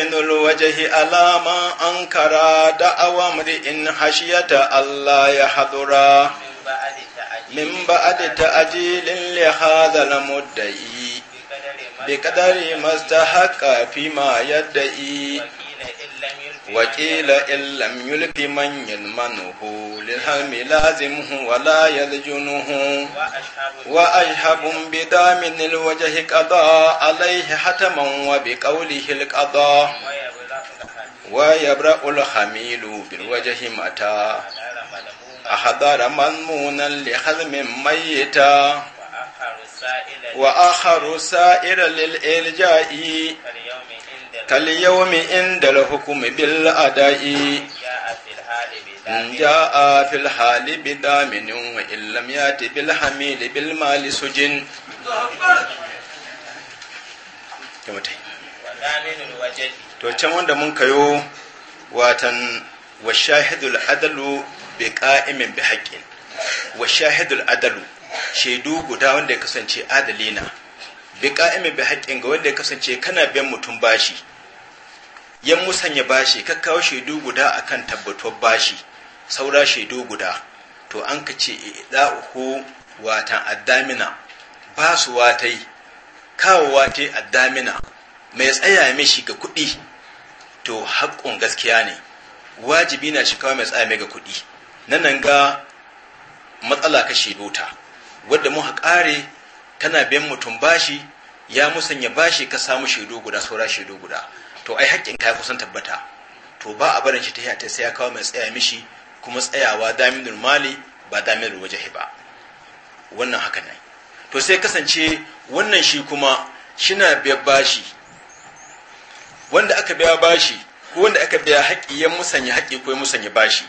من الوجه على ما أنكر دعوى امرئ حشية ألا يحضرا من بعد تأجيل لهذا المدعي بقدر ما استحق فيما يدعي وقيل إن لم يلق من يلمنه للهم لازمه ولا يلجنه وأجهب بدام الوجه قضاء عليه حتما وبقوله القضاء ويبرأ الخميل بالوجه متى أحضر مضمونا لخزم ميتا wa akharu sa'ira lil ilja'i kal yawmi inda al hukm bil ada'i ja'a fil hali bidaminin wa illam bil to can wanda mun kayo watan wa shahidul adalu bi qa'imin bi haqqin wa shahidul adalu shaidu guda wanda ya kasance adalina bi ka'imi bi haƙƙin ga wanda ya kasance kana biyan mutum bashi yan musanya bashi ka shaidu guda akan tabbatuwar bashi saura shaidu guda to an ka ce ida'uhu watan addamina ba su watai kawo watai addamina mai tsaya mishi ga kuɗi to haƙƙun gaskiya ne wajibi na shi kawo mai tsaya mai ga kuɗi nan ga matsala ka shaidu ta wadda muka kare tana biyan mutum bashi ya musanya bashi ka samu shaidu guda saura shaidu guda to ai haƙƙin ka kusan tabbata to ba a barin shi ta hiyata sai ya kawo mai tsaya mishi kuma tsayawa damin mali ba damin waje ba wannan haka ne to sai kasance wannan shi kuma shina biya bashi wanda aka biya bashi ko wanda aka biya haƙƙi ya musanya haƙƙi ko ya musanya bashi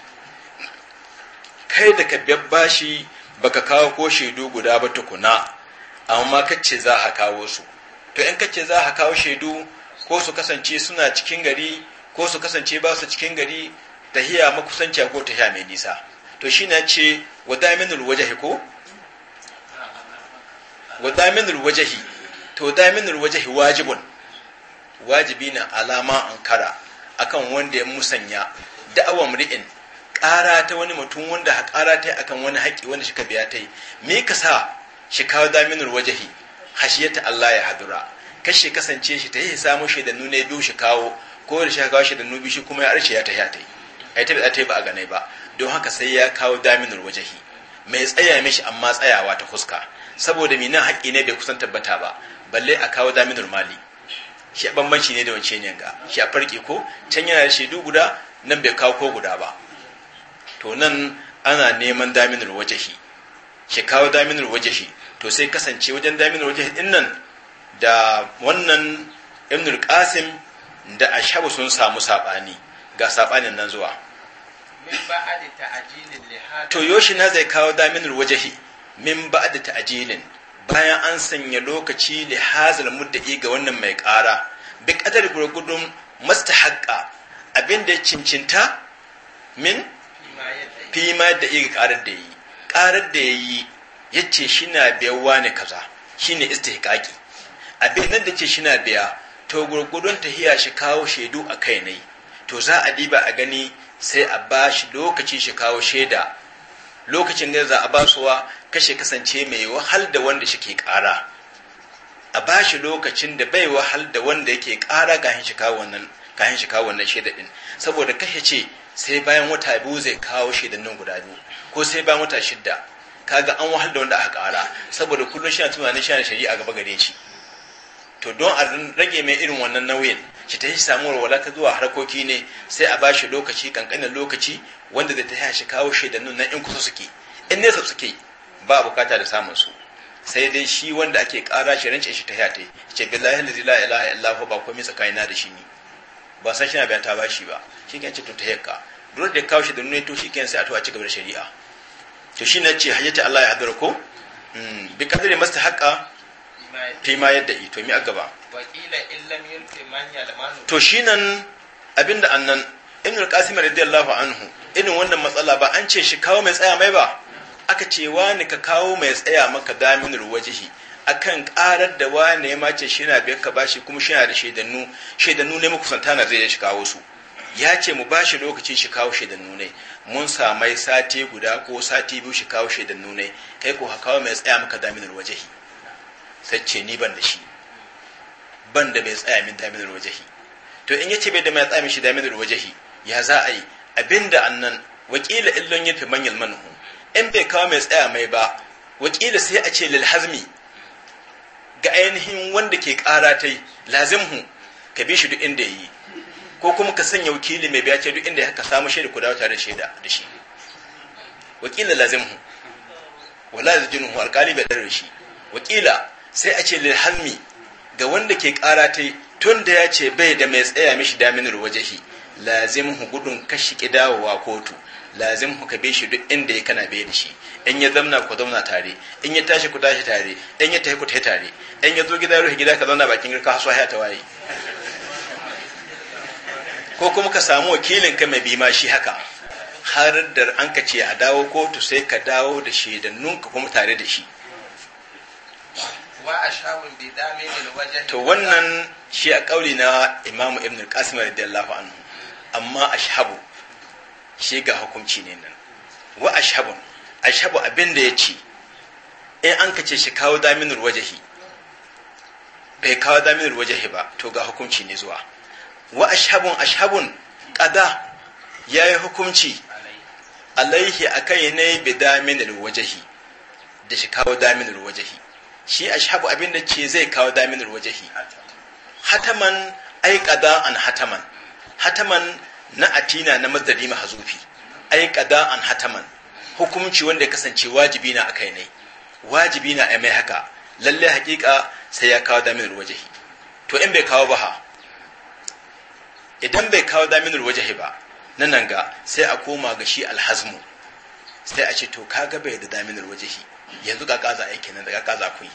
kai da ka biya bashi baka kawo ko shaidu guda ba tukuna amma kace za a kawo su to in kace za a kawo shaidu ko su kasance suna cikin gari ko su kasance ba su cikin gari tahiya makusanci ko tahiya mai nisa to shi na ce wa daminul wajahi ko wa daminul wajahi to daminul wajahi wajibun wajibi na alama ankara akan wanda ya musanya da'awa ri'in. ƙara ta wani mutum wanda haƙara ta yi a kan wani haƙi wanda shi ka biya ta yi me ka sa shi kawo daminul wajahi hashiyata Allah ya hadura shi kasance shi ta yi samun samu shaidannu ya biyu shi kawo ko da shi kawo da biyu shi kuma ya arshe ya ta yi ta yi yi ta ta ba a ganai ba don haka sai ya kawo daminul wajahi mai tsaya mishi amma tsayawa ta fuska saboda minan haƙi ne bai kusan tabbata ba balle a kawo daminar mali shi a bambanci ne da wancan yanga shi a farki ko can yana da shaidu guda nan bai kawo ko guda ba to nan ana neman daminar wajahi shi kawo daminar wajahi to sai kasance wajen daminar wajahi din nan da wannan ibnul qasim da ashabu sun samu sabani ga sabanin nan zuwa to yoshi na zai kawo daminar wajahi min ba'da ta'jilin bayan an sanya lokaci li hazal mudda'i ga wannan mai ƙara bi qadar gurgudun mustahaqqa abinda cincinta min Fima ma da iri karar da yi karar da ya yi ya ce shi na biyan wani kaza shi ne istihkaki a nan da ce shi na biya to gurgudun tahiya shi kawo shaidu a kai ne to za a diba a gani sai a ba shi lokaci shi kawo shaida lokacin da za a ba suwa kashe kasance mai wahal da wanda shi ke kara a ba shi lokacin da bai wahal da wanda yake kara ga shi kawo wannan kayan shi kawo wannan shaida din saboda kashe ce sai bayan wata biyu zai kawo shaidan nan guda biyu ko sai bayan wata shidda kaga an wahal da wanda aka kara saboda kullum shi na tunanin shi na shari'a gaba gare shi to don a rage mai irin wannan nauyin shi ta yi samuwar walaka zuwa harkoki ne sai a bashi lokaci kankanin lokaci wanda zai ta shi kawo shaidannin nan in kusa suke in nesa suke ba bukata da samun su sai dai shi wanda ake kara shi rance shi ta yi ce billahi la ilaha illa ba komai tsakanina da shi ne ba san shina biyan ta bashi ba shi ke ce to ta hekka dole da kawo shi da nuna to shi ke sai a to a da shari'a to shi na ce hajjata Allah ya hadar ko hmm. bi kadari masta haƙa fi ma yadda i to mi a gaba to shi nan abinda annan ibn al-qasim radiyallahu anhu irin wannan matsala ba an ce shi kawo mai tsaya mai ba aka ce wani ka kawo mai tsaya maka daminul wajihi akan karar da wane ya mace shi na biyar ka bashi kuma shi na da shaidannu shaidannu ne santa na zai shi kawo su ya ce mu bashi lokacin shi kawo shaidannu ne mun samai sati guda ko sati biyu shi kawo shaidannu ne kai ko hakawa mai tsaya maka daminar wajahi sai ce ni ban da shi ban da bai tsaya min daminar wajahi to in yace bai da mai tsaya min shi daminar wajahi ya za a yi abinda annan wakila illon yafi manyan manhu in bai kawo mai tsaya mai ba wakila sai a ce lil hazmi ga ainihin wanda ke kara ta yi lazimhu ka bi shi duk inda yi ko kuma ka sanya wakili mai biya ce duk inda ya ka samu shaida ku dawo tare da shaida da shi wakila lazimhu wala hu, alƙali bai dare shi wakila sai a ce lilhalmi ga wanda ke kara ta yi tun da ya ce bai da mai tsaya mishi daminar wajahi lazimhu gudun kashi kidawa kotu lazim ku be shi duk inda ya kana bai da shi in ya zamna ku zauna tare in ya tashi ku tashi tare in ya tafi ku tafi tare in ya zo gida ruhi gida ka zauna bakin girka hasu haya ta waye ko kuma ka samu wakilin ka mai bima shi haka har da an ka ce a dawo kotu sai ka dawo da shaidannun ka kuma tare da shi to wannan shi a kauli na imamu ibn al-qasim radiyallahu anhu amma ashabu shi ga hukunci ne nan wa ashabun ashabu abin da ya ci in an kace shi kawo daminul wajahi bai kawo daminul wajahi ba to ga hukunci ne zuwa wa ashabun ashabun qada yayi hukunci alaihi akai ne bi daminul wajahi da shi kawo daminul wajahi shi ashabu abin da ce zai kawo daminul wajahi hataman ai qada an hataman hataman na atina na mazdari mahazufi ai an hataman hukumci wanda ya kasance wajibi na akai ne wajibi na mai haka lalle hakika sai ya kawo damin wajahi to in bai kawo ba idan bai kawo damin wajahi ba nan ga sai a koma ga shi alhazmu sai a ce to kaga bai da damin wajahi yanzu ga kaza aiki nan ga kaza kuyi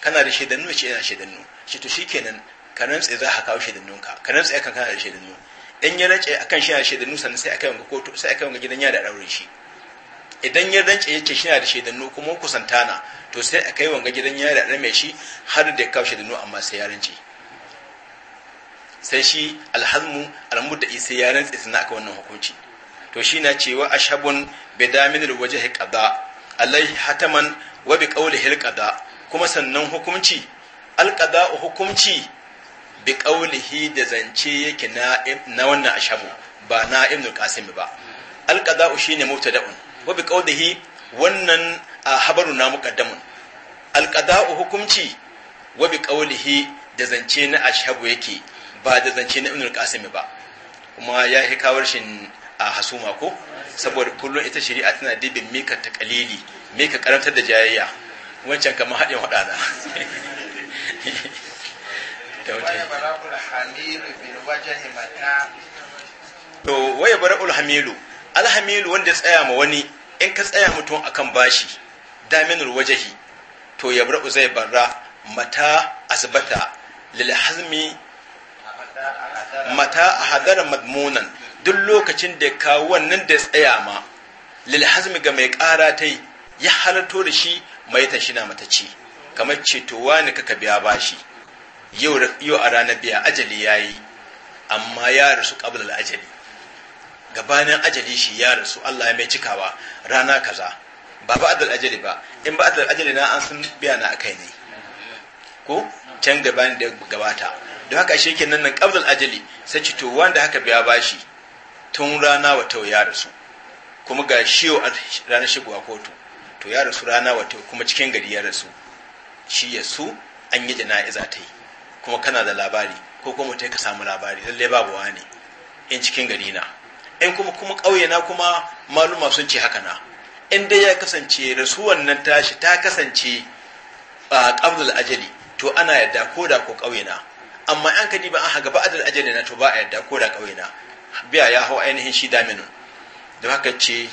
kana da shaidannu ce ina shaidannu shi to shikenan ka tsaye za ka kawo shaidannunka ka tsaye kan kana da shaidannu in ya rance akan shi na da shaidannu sannan sai aka yanga kotu sai aka yanga gidan yada daure shi idan ya rance ya ce shi na da shaidannu kuma ku santana to sai aka yi wanga gidan yada daure mai shi har da ya kawo shaidannu amma sai ya rance sai shi alhazmu almudda'i sai ya rance sannan aka wannan hukunci to shi na cewa ashabun bidaminul wajhi qada alaihi hataman wa bi qawlihi alqada kuma sannan hukunci alqada hukunci bi qaulihi da zance yake na na wannan ashabu ba na ibnu qasim ba ne shine mubtada'un wa bi qaulihi wannan habaru na muqaddamun alqada'u hukunci wa bi qaulihi da zance na ashabu yake ba da zance na ibnu qasim ba kuma ya yi kawar shi a hasuma ko saboda kullum ita shari'a tana dibin mika ta kalili mika karantar da jayayya wancan kamar haɗin waɗana to waya hamilu alhamilu wanda tsaya ma wani in ka tsaya mutum akan bashi daminul wajahi to ya bara zai barra mata asbata lil hazmi mata a hadara madmunan duk lokacin da ka wannan da tsaya ma lil hazmi ga mai kara tai ya halarto da shi mai tashina mata ce kamar ceto wani kaka biya bashi yau a ranar biya ajali ya yi amma ya rasu ƙabil ajali gabanin ajali shi ya rasu Allah ya mai cikawa rana kaza ba ba adal ajali ba in ba adal ajali na an sun biya na akai ne ko can gabanin da gabata don haka shi kenan nan ƙabil ajali sai ci to wanda haka biya bashi tun rana wata ya rasu kuma ga shiwo a ranar shigowa kotu to ya rasu rana wata kuma cikin gari ya rasu shi ya su an yi jana'iza ta yi kuma kana da labari ko kuma ta ka samu labari lalle babu wani in cikin gari na in kuma kuma ƙauye na kuma maluma sun ce haka na in dai ya kasance rasuwan nan tashi ta kasance a qablul ajali to ana yadda ko da ko ƙauye na amma an kadi ba an haga ba adal ajali na to ba a yadda ko da ƙauye na biya ya hau ainihin shi daminu. da haka ce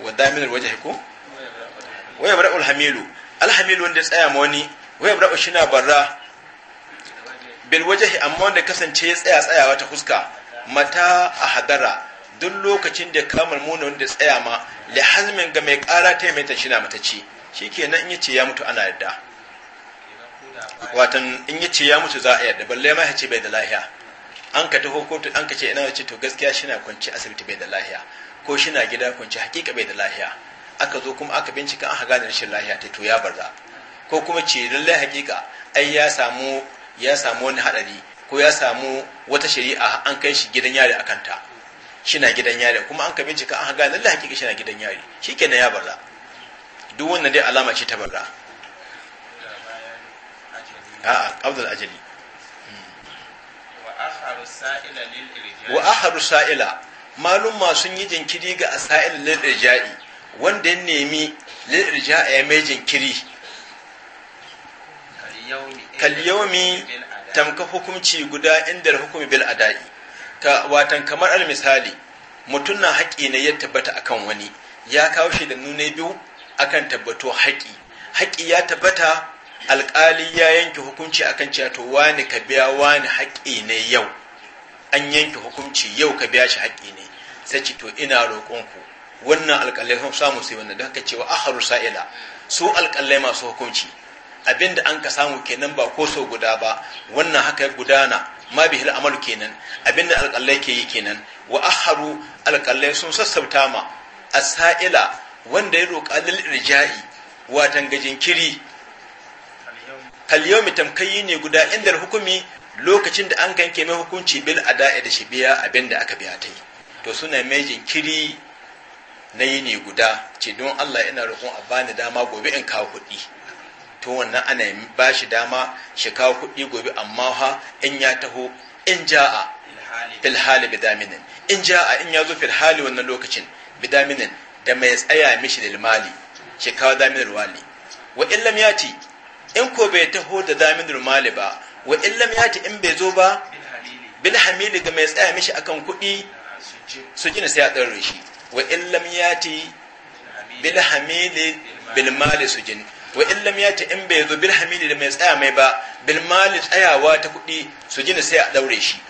wa daminul waje ko waya bara'ul Alhamilu? alhamilu wanda ya tsaya ma wani waya shi na barra bil wajahi amma wanda kasance ya tsaya tsayawa ta fuska mata a hadara duk lokacin da kamar muna wanda tsaya ma li hazmin ga mai kara ta mai na mata ce shikenan in yace ya mutu ana yadda watan in yace ya mutu za a yadda balle ma yace bai da lahiya an ka taho kotu an ka ce ina ce to gaskiya shina kwanci asibiti bai da lahiya ko shina gida kwanci hakika bai da lahiya aka zo kuma aka bincika an haga da rashin lahiya ta to ya barza ko kuma ce lallai hakika ai ya samu ya samu wani haɗari ko ya samu wata shari'a an kai shi gidan yari a kanta Shi na gidan yari kuma an ka bincika an haga lallai hakika na gidan yari shikenan ya barra duk wannan dai alama ce ta barra a'a Abdul ajali wa aharu sa'ila ma sun yi jinkiri ga a lil irja'i wanda ya nemi lil irja'i mai jinkiri kalyaumi tamka hukumci guda inda hukumi bil adai ka watan kamar al misali mutum na haƙi ne ya tabbata akan wani ya kawo shi da nunai biyu akan tabbato haƙi haƙi ya tabbata alƙali ya yanke hukunci akan cewa to wani ka biya wani haƙi ne yau an yanke hukunci yau ka biya shi haƙi ne sai ce to ina roƙonku wannan alƙalai sun samu sai wannan don haka cewa aharu sa'ila su alƙalai masu hukunci abinda an ka samu kenan ba ko so guda ba wannan haka gudana ma bihil amalu kenan da alƙallai ke yi kenan wa aharu alƙallai sun sassauta ma asaila wanda ya roƙa lil irja'i watan gajin kiri kalyomi tamkayi ne guda inda hukumi lokacin da an ke mai hukunci bil ada'i da shi biya abinda aka biya ta yi to suna mai jinkiri na ne guda ce don Allah ina roƙon a bani dama gobe in kawo kuɗi to wannan ana ba shi dama shi kawo kuɗi gobe amma ha in ya taho in ja'a filhali bidaminin in ja'a in ya zo filhali wannan lokacin bidaminin da mai tsaya mishi lilmali shi kawo daminul wali wa illam ya ci in ko bai taho da daminul mali ba wa illam ya ci in bai zo ba bilhamili ga mai tsaya mishi akan kuɗi su jina sai a tsare shi wa illam ya ci bilhamili bilmali su jini wa illam lam yati in bai zo bil hamili da mai tsaya mai ba bil mali tsayawa ta kuɗi su gina sai a daure shi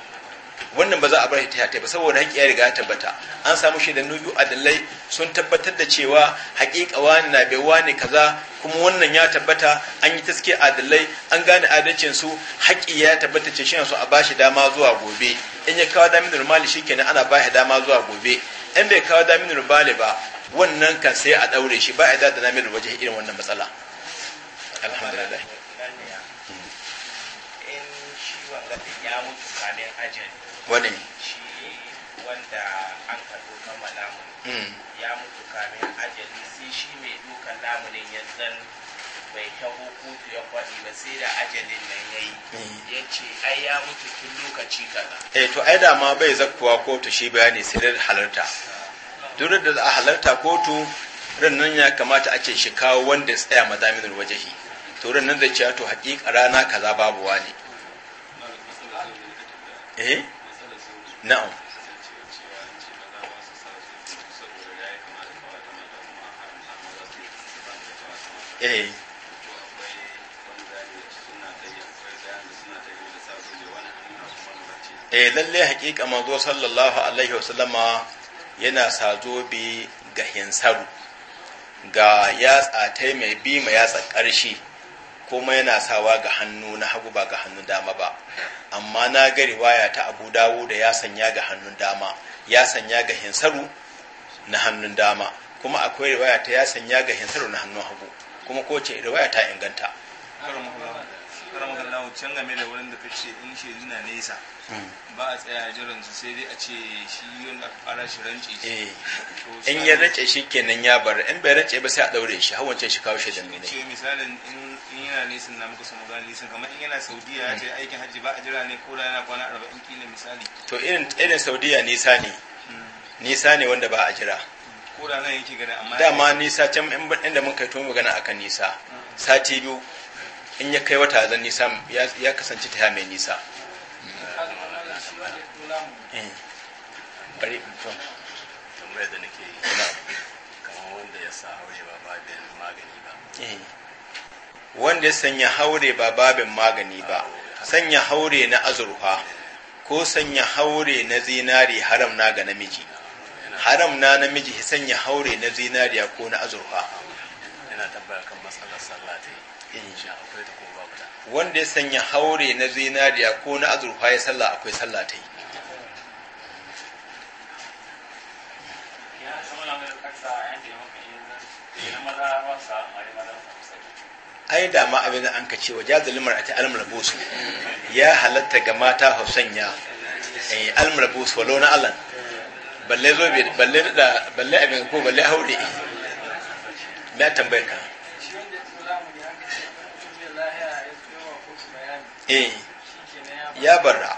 wannan ba za a bar shi ta ba saboda haƙiƙa ya riga ya tabbata an samu shi da nubu adalai sun tabbatar da cewa haƙiƙa wani na bai wani kaza kuma wannan ya tabbata an yi taske adalai an gane adalcin su haƙi ya tabbata ce shi a bashi dama zuwa gobe in ya kawo damin shi kenan ana bashi dama zuwa gobe in bai kawo damin normali ba wannan kan sai a ɗaure shi ba a da damin waje irin wannan matsala alhamdulillah in ciwon gadin ya mutu kamin ajin wani shi wanda an ka dokan malamun ya mutu kamin ajali sai shi mai dokan lamunin yanzu bai taho kotu ya faɗi ba sai da ajalin nan ya yi ya ce ai hmm. ya hmm. mutu tun lokaci kaza eh to ai da ma bai zakkuwa kotu shi bayani sai da halarta duk da za a halarta kotu ran nan ya kamata a ce shi kawo wanda ya tsaya madaminul wajahi to nan da cewa to haƙiƙa rana kaza babu wani eh na'am eh eh lalle haƙiƙa manzo sallallahu alaihi wasallama yana sazo bi ga hinsaru ga yatsa ta mai bi ma yatsa ƙarshe kuma yana sawa ga hannu na hagu ba ga hannun dama ba amma na ga riwaya ta abu dawo da ya sanya ga hannun dama ya sanya ga hinsaru na hannun dama kuma akwai riwaya ta ya sanya ga hinsaru na hannun hagu kuma ko ce riwaya ta inganta can game da wurin da kace in shi zina nesa hmm. ba a tsaya jiran su sai dai a ce shi wanda aka fara shi rance eh. in ya rance shi kenan ya bar in bai rance ba sai a daure shi ce shi kawo shi da mene misalin in in yana nisan na muka samu gani nisan kamar in yana saudiya ya ce aikin hajji ba a jira ne ko yana kwana arba'in kila misali to irin irin saudiya nisa ne hmm. nisa ne wanda ba a jira hmm. ko nan yake gani amma dama nisa can inda mun kai to gana akan nisa hmm. sati biyu in ya kai wata zan nisa ya kasance ta mai nisa eh. bari to nake yi kamar wanda ya sa ba magani ba eh. wanda ya sanya haure ba babin magani ba sanya haure na azurfa ko sanya haure na zinari haram na ga namiji haram na namiji sanya haure na zinariya ko na azurfa yana tabbara kan akwai wanda ya sanya haure na zinariya ko na azurfa ya sallah akwai sallah ta yi ai da ma abin da an ka cewa jazu limar a ta almarabusu ya halatta ga mata hausanya eh almarabusu walo na allan balle zo balle da balle abin ko balle haure na tambayar ka eh ya barra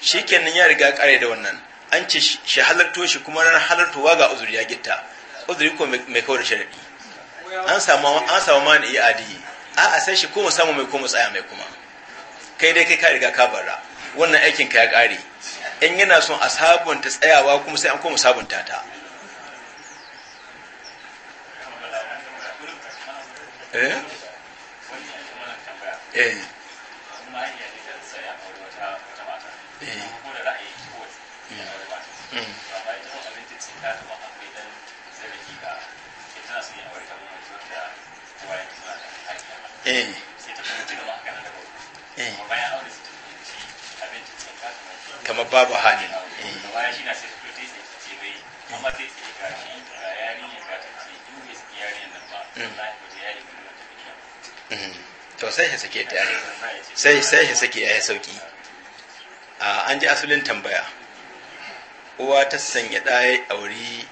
shi kenan ya riga kare da wannan an ce shi halarto shi kuma ran wa ga uzuri ya gitta uzuri ko mai kawar da sharadi an samu an samu mani iya adi a a sai shi ko mu samu mai ko mu tsaya mai kuma kai dai kai ka riga ka barra wannan aikin ka ya kare in yana son a sabunta tsayawa kuma sai an koma sabunta ta eh eh Mm-hmm. kamar babu hali to sai sai sai ya ya sauki an ji asalin tambaya uwa ta sanya ɗaya auri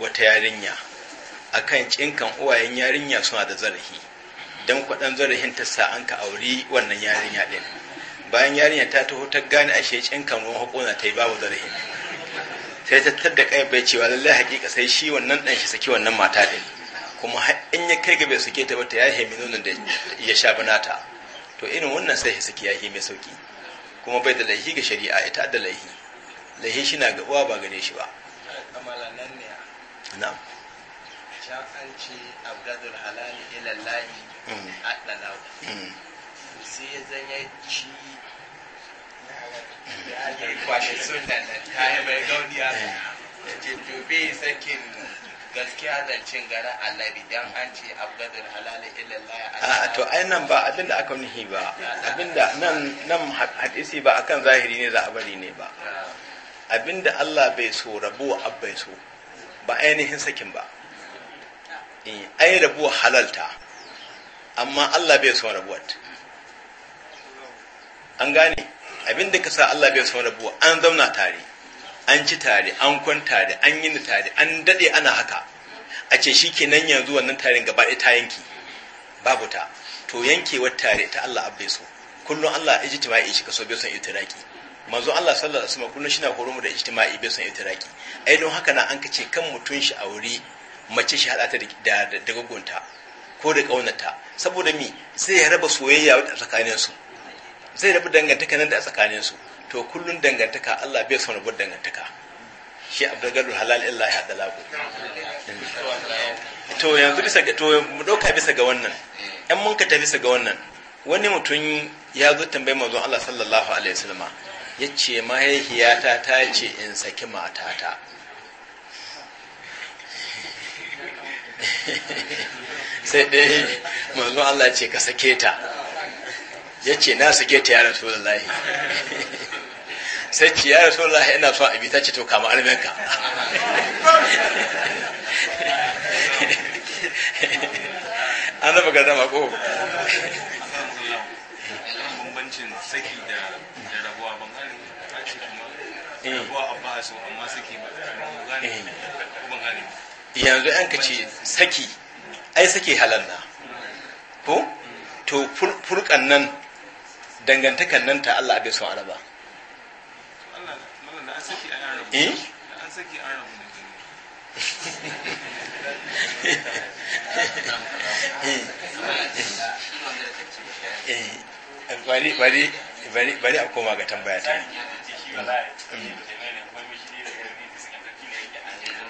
wata yarinya akan cinkan uwayen yarinya suna da zarafi don kwaɗan zarafin ta sa an ka auri wannan yarinya ɗin bayan yarinya ta taho ta gane a shecin kan ruwan ta yi babu zarafin sai ta tadda kai bai cewa lallai hakika sai shi wannan ɗan shi saki wannan mata ɗin kuma in ya kai gabe suke ta bata ya yi hemi da ya sha banata to irin wannan sai shi saki ya yi mai sauki kuma bai da laihi ga shari'a ita da laihi laihi shi na ga uwa ba gare shi ba na'am an ce abdadul halali ila lahi sai ya ci ya kwashe nan ta sakin gaskiya gara alabi an ce abgadar a to ai nan ba abinda aka nuhi ba abinda nan nan hadisi ba akan zahiri ne za a bari ne ba abinda Allah bai so rabuwa abbai so ba ainihin sakin ba eh, ai rabuwa halalta amma Allah bai son rabuwa an gane abin da ka sa Allah bai so rabuwa an zauna tare an ci tare an kwan tare an yi tare an dade ana haka a ce shi ke nan yanzu wannan tarin gaba ɗaya ta yanki babu ta to yankewar tare ta Allah abai so kullum Allah ijtima'i shi so bai son itiraki manzo Allah sallallahu alaihi wasallam kullum shi na horo mu da ijtima'i bai son itiraki ai don haka na an kace kan mutun shi aure mace shi hada ta da da ko da ƙaunata saboda mi zai raba soyayya a tsakaninsu zai raba dangantaka nan da a tsakaninsu to kullum dangantaka Allah bai son bar dangantaka shi abdulgadul halal illa ya haɗa lagu to yanzu bisa ga to mu ɗauka bisa ga wannan ɗan mun ka tafi bisa ga wannan wani mutum ya zo tambayi manzon Allah sallallahu alaihi wasallam ya ce mahaihiyata ta ce in saki matata sai dai manzon Allah ce ka sake ta ya ce na sake ta ya rasulullahi sai ce ya rasulullahi ina son abita ta ce to kama arminka an zama ga zama ko eh. Eh. yanzu an ka ce saki ai sake halal na ko to furkan nan dangantakan nan ta Allah abin sun araba eh, eh bari a koma ga tambaya ta mm.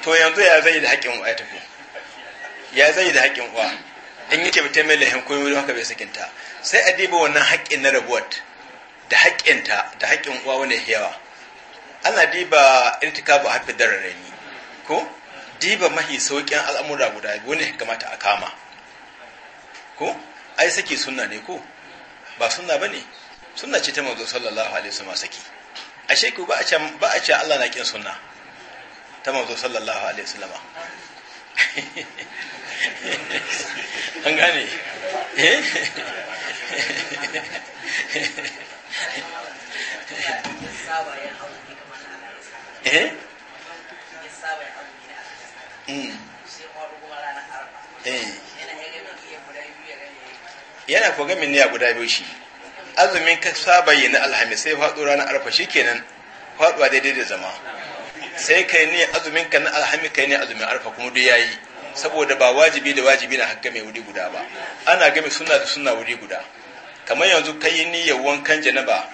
to yanzu ya zai da haƙƙin wa'ai tafi ya zai da haƙƙin uwa in yake mutum mai lahin koyo wuri haka bai sakinta sai a diba wannan haƙƙin na rabuwat da haƙƙinta da haƙƙin uwa wani ya yawa ana diba irtikabu hafi dararani ko diba mahi sauƙin al'amura guda biyu ne kamata a kama ko ai saki sunna ne ko ba sunna bane sunna ce ta manzo sallallahu alaihi wasallam saki ashe ku ba a ce ba a ce Allah na kin sunna ta manzo sallallahu alaihi wasallam an gane eh? Eh? Mm. Eh. yana ko guda biyu shi azumin ka saba yi na alhamis sai faɗo ranar arfa kenan faɗuwa daidai da zama sai kai ne azumin ka na alhami kai ne azumin arfa kuma duk yayi saboda ba wajibi da wajibi na hakka mai wuri guda ba ana game sunna da sunna wuri guda kamar yanzu kai yi niyyar wankan janaba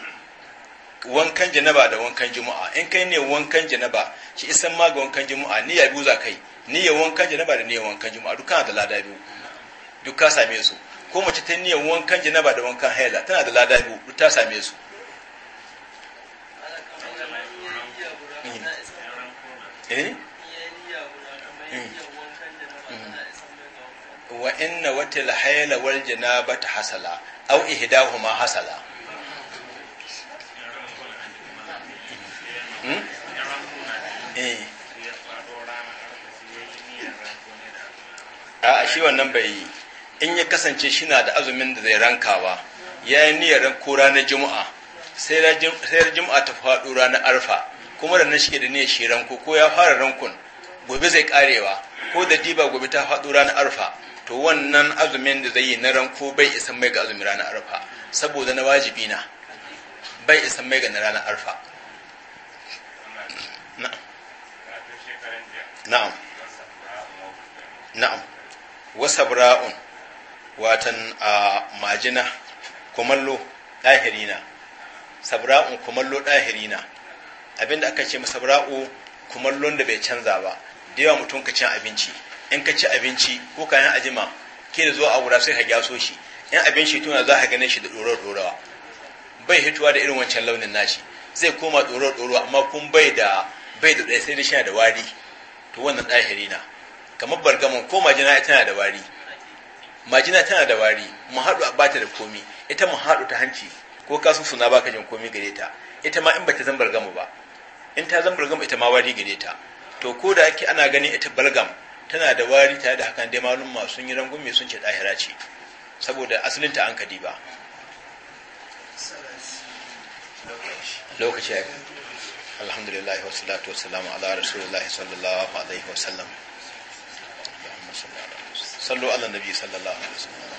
wankan janaba da wankan juma'a in kai ne wankan janaba shi isan ma ga wankan juma'a niyya biyu za kai niyyar wankan janaba da niyyar wankan juma'a duk kana da lada biyu duk ka same su ko mace ta niyyar wankan janaba da wankan haila tana da lada biyu duk ta same su Eh? Mm. wa inna watil hayla wal ta hasala Au aw ma hasala hmm? eh. a shi wannan bai yi in ya kasance shi na da azumin da zai rankawa ya yi niyyar ko ranar juma'a sai ranar juma'a ta faɗo ranar arfa kuma da nan shi da ne shi ranku ko ya fara rankun gobe zai karewa ko da diba gobe ta faɗo ranar arfa to wannan azumin da zai yi na ranko bai isa mai ga azumin ranar arfa saboda na wajibi na bai isa mai ga na ranar arfa na'am na'am wasa bra'un watan a majina kumallo ɗahirina sabra'un kumallo ɗahirina abinda aka ce masa ra'u kumallon da bai canza ba da yawa mutum ka cin abinci in ka ci abinci ko yi ajima ke da zuwa a wura sai ka gyaso shi in abinci tuna za ka ganin shi da ɗorar ɗorawa bai hituwa da irin wancan launin nashi zai koma ɗorar ɗorawa amma kun bai da bai da ɗaya sai da shi da wari to wannan ɗahiri na kamar bargamon ko majina tana da wari majina tana da wari mu haɗu a bata da komi ita mu haɗu ta hanci ko kasu suna baka jin komi gare ta ita ma in bata zan bargamu ba in ta zama balgam ita ma wari gare ta to ko da ake ana ganin ita balgam tana da wari tare da hakan dai malum ma sun yi rangun mai sun ce dahira ce saboda asalin ta an kadi ba lokaci alhamdulillah wa salatu wa salamu ala rasulullahi sallallahu alaihi wa sallam sallu ala nabi sallallahu alaihi wa sallam